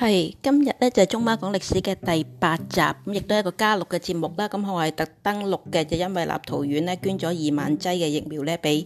係今日咧就係、是、中媽講歷史嘅第八集，咁亦都係一個加錄嘅節目啦。咁我係特登錄嘅，就是、因為立陶宛咧捐咗二萬劑嘅疫苗咧俾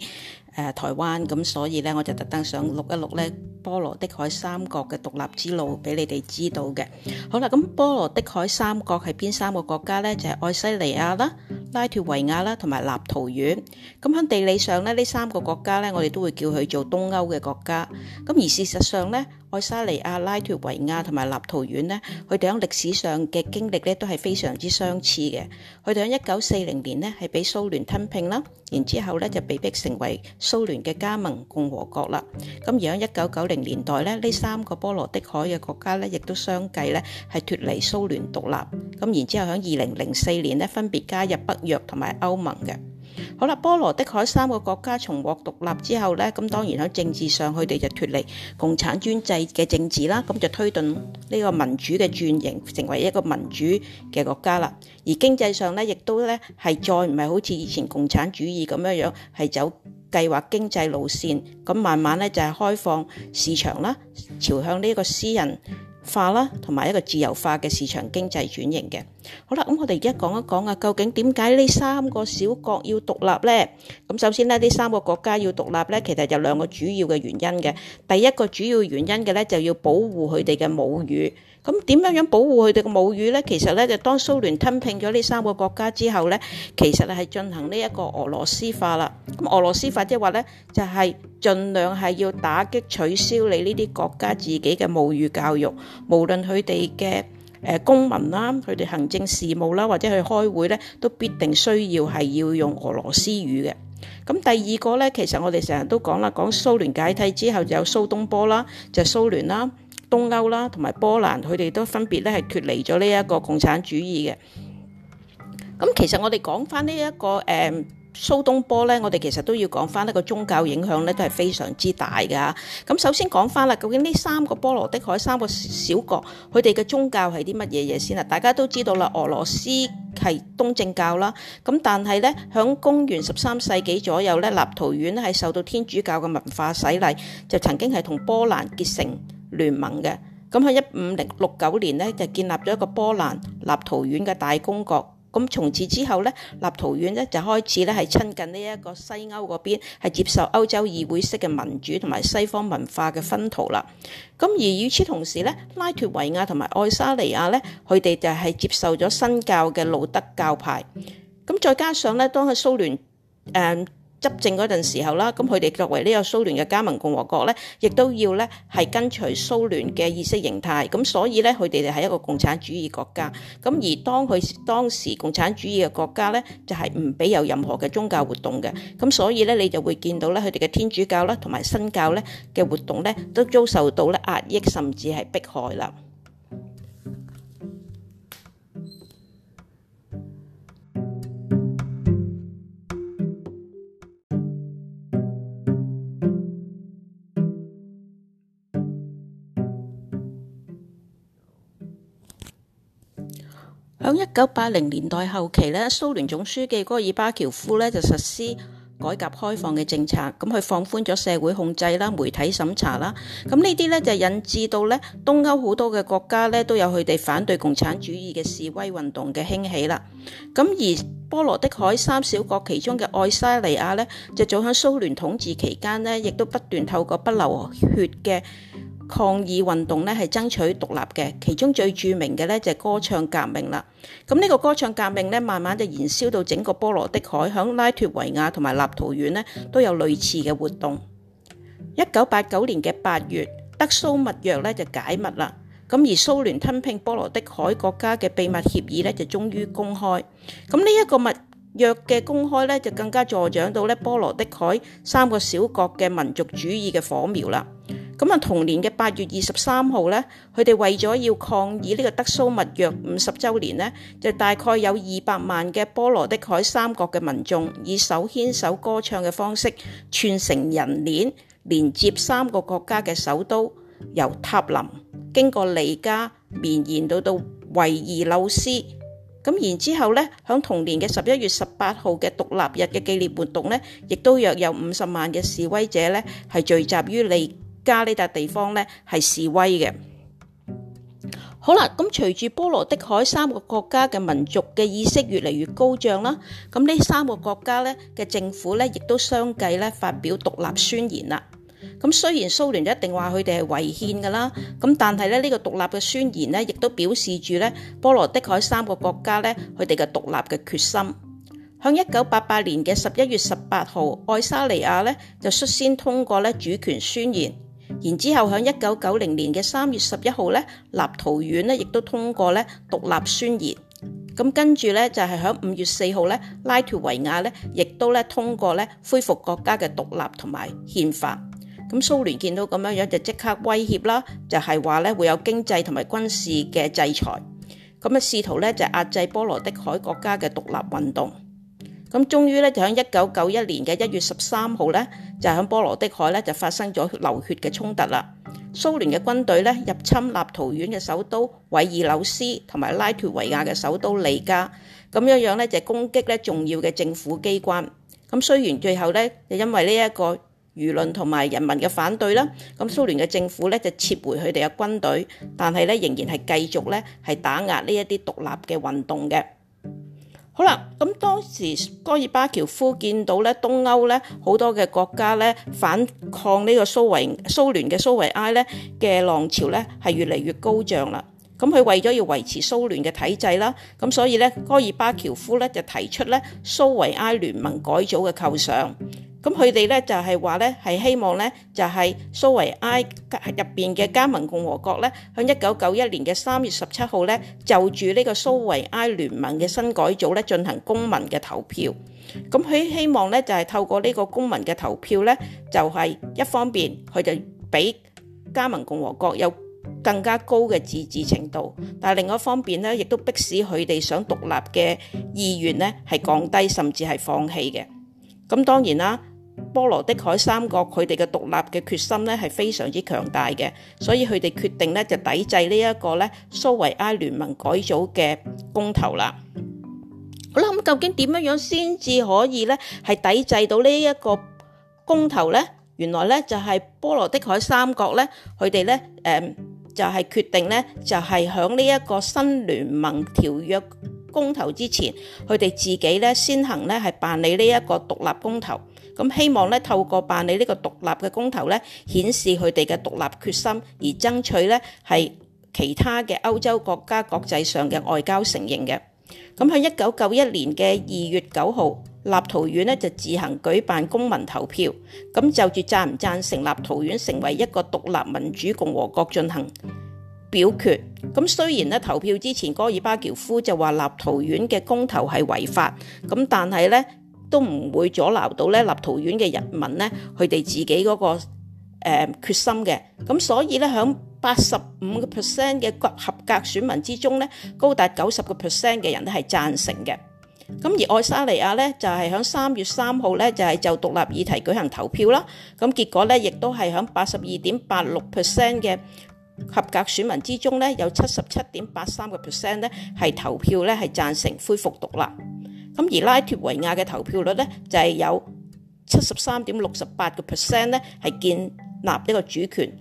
誒台灣，咁所以咧我就特登想錄一錄咧波羅的海三國嘅獨立之路俾你哋知道嘅。好啦，咁波羅的海三國係邊三個國家咧？就係、是、愛沙尼亞啦、拉脱維亞啦同埋立陶宛。咁喺地理上咧，呢三個國家咧，我哋都會叫佢做東歐嘅國家。咁而事實上咧。愛沙尼亞、拉脫維亞同埋立陶宛咧，佢哋喺歷史上嘅經歷咧都係非常之相似嘅。佢哋喺1940年咧係俾蘇聯吞併啦，然之後咧就被逼成為蘇聯嘅加盟共和國啦。咁而喺1990年代咧，呢三個波羅的海嘅國家咧亦都相繼咧係脫離蘇聯獨立。咁然之後喺2004年咧分別加入北約同埋歐盟嘅。好啦，波羅的海三個國家重獲獨立之後咧，咁當然喺政治上，佢哋就脫離共產專制嘅政治啦，咁就推動呢個民主嘅轉型，成為一個民主嘅國家啦。而經濟上咧，亦都咧係再唔係好似以前共產主義咁樣樣，係走計劃經濟路線，咁慢慢咧就係、是、開放市場啦，朝向呢個私人化啦，同埋一個自由化嘅市場經濟轉型嘅。好啦，咁我哋而家講一講啊，究竟點解呢三個小國要獨立呢？咁首先呢，呢三個國家要獨立呢，其實有兩個主要嘅原因嘅。第一個主要原因嘅呢，就要保護佢哋嘅母語。咁點樣樣保護佢哋嘅母語呢？其實呢，就當蘇聯吞併咗呢三個國家之後呢，其實係進行呢一個俄羅斯化啦。咁俄羅斯化即係話呢，就係盡量係要打擊取消你呢啲國家自己嘅母語教育，無論佢哋嘅。誒公民啦，佢哋行政事務啦，或者去開會咧，都必定需要係要用俄羅斯語嘅。咁第二個咧，其實我哋成日都講啦，講蘇聯解體之後就蘇，就有蘇東波啦，就蘇聯啦、東歐啦，同埋波蘭，佢哋都分別咧係脱離咗呢一個共產主義嘅。咁其實我哋講翻呢一個誒。嗯蘇東波咧，我哋其實都要講翻一個宗教影響咧，都係非常之大噶。咁首先講翻啦，究竟呢三個波羅的海三個小國，佢哋嘅宗教係啲乜嘢嘢先啦，大家都知道啦，俄羅斯係東正教啦。咁但係咧，響公元十三世紀左右咧，立陶宛係受到天主教嘅文化洗禮，就曾經係同波蘭結成聯盟嘅。咁喺一五零六九年咧，就建立咗一個波蘭立陶宛嘅大公國。咁從此之後咧，立陶宛咧就開始咧係親近呢一個西歐嗰邊，係接受歐洲議會式嘅民主同埋西方文化嘅薰陶啦。咁而與此同時咧，拉脫維亞同埋愛沙尼亞咧，佢哋就係接受咗新教嘅路德教派。咁再加上咧，當佢蘇聯、嗯執政嗰陣時候啦，咁佢哋作為呢個蘇聯嘅加盟共和國咧，亦都要咧係跟隨蘇聯嘅意識形態，咁所以咧佢哋就係一個共產主義國家。咁而當佢當時共產主義嘅國家咧，就係唔俾有任何嘅宗教活動嘅，咁所以咧你就會見到咧佢哋嘅天主教啦，同埋新教咧嘅活動咧都遭受到咧壓抑，甚至係迫害啦。響一九八零年代後期咧，蘇聯總書記戈爾巴喬夫咧就實施改革開放嘅政策，咁佢放寬咗社會控制啦、媒體審查啦，咁呢啲咧就引致到咧東歐好多嘅國家咧都有佢哋反對共產主義嘅示威運動嘅興起啦。咁而波羅的海三小國其中嘅愛沙尼亞咧，就早喺蘇聯統治期間呢，亦都不斷透過不流血嘅。抗議運動呢係爭取獨立嘅，其中最著名嘅呢就係歌唱革命啦。咁呢個歌唱革命呢，慢慢就燃燒到整個波羅的海，響拉脱維亞同埋立陶宛呢都有類似嘅活動。一九八九年嘅八月，德蘇密約呢就解密啦。咁而蘇聯吞併波羅的海國家嘅秘密協議呢，就終於公開。咁呢一個密約嘅公開呢，就更加助長到呢波羅的海三個小國嘅民族主義嘅火苗啦。咁啊，同年嘅八月二十三號咧，佢哋為咗要抗議呢個德蘇密約五十周年咧，就大概有二百萬嘅波羅的海三國嘅民眾，以手牽手歌唱嘅方式串成人鏈，連接三個國家嘅首都，由塔林經過利加，綿延到到維爾紐斯。咁然之後呢，響同年嘅十一月十八號嘅獨立日嘅紀念活動呢，亦都約有五十萬嘅示威者呢係聚集於利。加呢笪地方咧係示威嘅。好啦，咁隨住波羅的海三個國家嘅民族嘅意識越嚟越高漲啦，咁呢三個國家咧嘅政府咧亦都相繼咧發表獨立宣言啦。咁雖然蘇聯一定話佢哋係違憲噶啦，咁但係咧呢個獨立嘅宣言呢，亦都表示住咧波羅的海三個國家咧佢哋嘅獨立嘅決心。向一九八八年嘅十一月十八號，愛沙尼亞咧就率先通過咧主權宣言。然之後喺一九九零年嘅三月十一號咧，立陶宛咧亦都通過咧獨立宣言。咁跟住咧就係喺五月四號咧，拉脱維亞咧亦都咧通過咧恢復國家嘅獨立同埋憲法。咁蘇聯見到咁樣樣就即刻威脅啦，就係話咧會有經濟同埋軍事嘅制裁，咁啊試圖咧就壓制波羅的海國家嘅獨立運動。咁終於咧，就喺一九九一年嘅一月十三號咧，就喺波羅的海咧就發生咗流血嘅衝突啦。蘇聯嘅軍隊咧入侵立陶宛嘅首都維爾紐斯同埋拉脱維亞嘅首都利加，咁樣樣咧就是、攻擊咧重要嘅政府機關。咁雖然最後咧，就因為呢一個輿論同埋人民嘅反對啦，咁蘇聯嘅政府咧就撤回佢哋嘅軍隊，但係咧仍然係繼續咧係打壓呢一啲獨立嘅運動嘅。好啦，咁當時戈爾巴喬夫見到咧，東歐咧好多嘅國家咧反抗呢個蘇維蘇聯嘅蘇維埃咧嘅浪潮咧係越嚟越高漲啦。咁佢為咗要維持蘇聯嘅體制啦，咁所以咧戈爾巴喬夫咧就提出咧蘇維埃聯盟改組嘅構想。咁佢哋咧就係話咧，係希望咧就係、是、蘇維埃入面嘅加盟共和國咧，喺一九九一年嘅三月十七號咧，就住呢個蘇維埃聯盟嘅新改組咧進行公民嘅投票。咁佢希望咧就係、是、透過呢個公民嘅投票咧，就係、是、一方面佢就俾加盟共和國有更加高嘅自治程度，但係另一方面咧，亦都迫使佢哋想獨立嘅意願咧係降低甚至係放棄嘅。咁當然啦。波羅的海三國佢哋嘅獨立嘅決心咧係非常之強大嘅，所以佢哋決定咧就抵制呢一個咧蘇維埃聯盟改組嘅公投啦。好啦，咁究竟點樣樣先至可以咧係抵制到呢一個公投咧？原來咧就係波羅的海三國咧佢哋咧誒就係決定咧就係響呢一個新聯盟條約公投之前，佢哋自己咧先行咧係辦理呢一個獨立公投。咁希望咧透過辦理呢個獨立嘅公投咧，顯示佢哋嘅獨立決心，而爭取咧係其他嘅歐洲國家國際上嘅外交承認嘅。咁喺一九九一年嘅二月九號，立陶宛呢就自行舉辦公民投票，咁就住贊唔贊成立陶宛成為一個獨立民主共和國進行表決。咁雖然咧投票之前戈爾巴喬夫就話立陶宛嘅公投係違法，咁但係咧。都唔會阻撓到咧立陶宛嘅人民咧，佢哋自己嗰、那個誒、呃、決心嘅。咁所以咧，喺八十五個 percent 嘅合合格選民之中咧，高達九十個 percent 嘅人都係贊成嘅。咁而愛沙尼亞咧，就係喺三月三號咧，就係、是、就獨立議題舉行投票啦。咁結果咧，亦都係喺八十二點八六 percent 嘅合格選民之中咧，有七十七點八三個 percent 咧係投票咧係贊成恢復獨立。咁而拉脫維亞嘅投票率咧就係有七十三點六十八個 percent 咧係建立呢個主權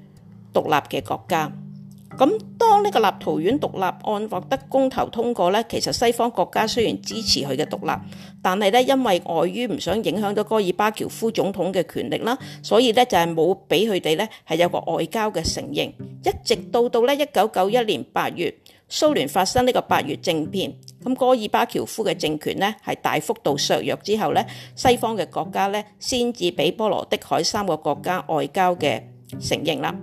獨立嘅國家。咁當呢個立陶宛獨立案獲得公投通過咧，其實西方國家雖然支持佢嘅獨立，但係咧因為礙於唔想影響到戈爾巴喬夫總統嘅權力啦，所以咧就係冇俾佢哋咧係有個外交嘅承認，一直到到咧一九九一年八月。蘇聯發生呢個八月政變，咁戈爾巴喬夫嘅政權呢係大幅度削弱之後呢，西方嘅國家呢先至俾波羅的海三個國家外交嘅承認啦。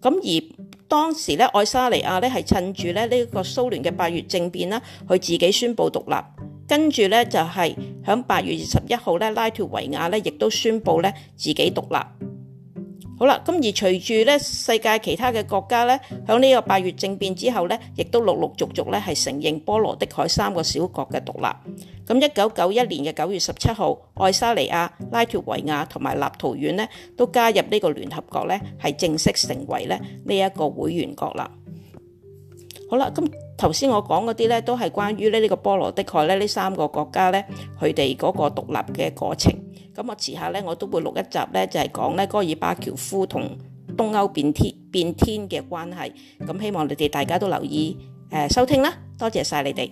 咁而當時咧，愛沙尼亞咧係趁住咧呢個蘇聯嘅八月政變啦，佢自己宣布獨立，跟住咧就係響八月二十一號咧拉脱維亞咧亦都宣布咧自己獨立。好啦，咁而隨住咧世界其他嘅國家咧，喺呢個八月政變之後咧，亦都陸陸續續咧係承認波羅的海三個小國嘅獨立。咁一九九一年嘅九月十七號，愛沙尼亞、拉脱維亞同埋立陶宛呢都加入呢個聯合國咧，係正式成為咧呢一個會員國啦。好啦，咁頭先我講嗰啲咧，都係關於呢個波羅的海咧呢三個國家咧，佢哋嗰個獨立嘅過程。咁我遲下咧，我都會錄一集咧，就係講咧戈爾巴喬夫同東歐變天變天嘅關係。咁希望你哋大家都留意、呃、收聽啦，多謝晒你哋。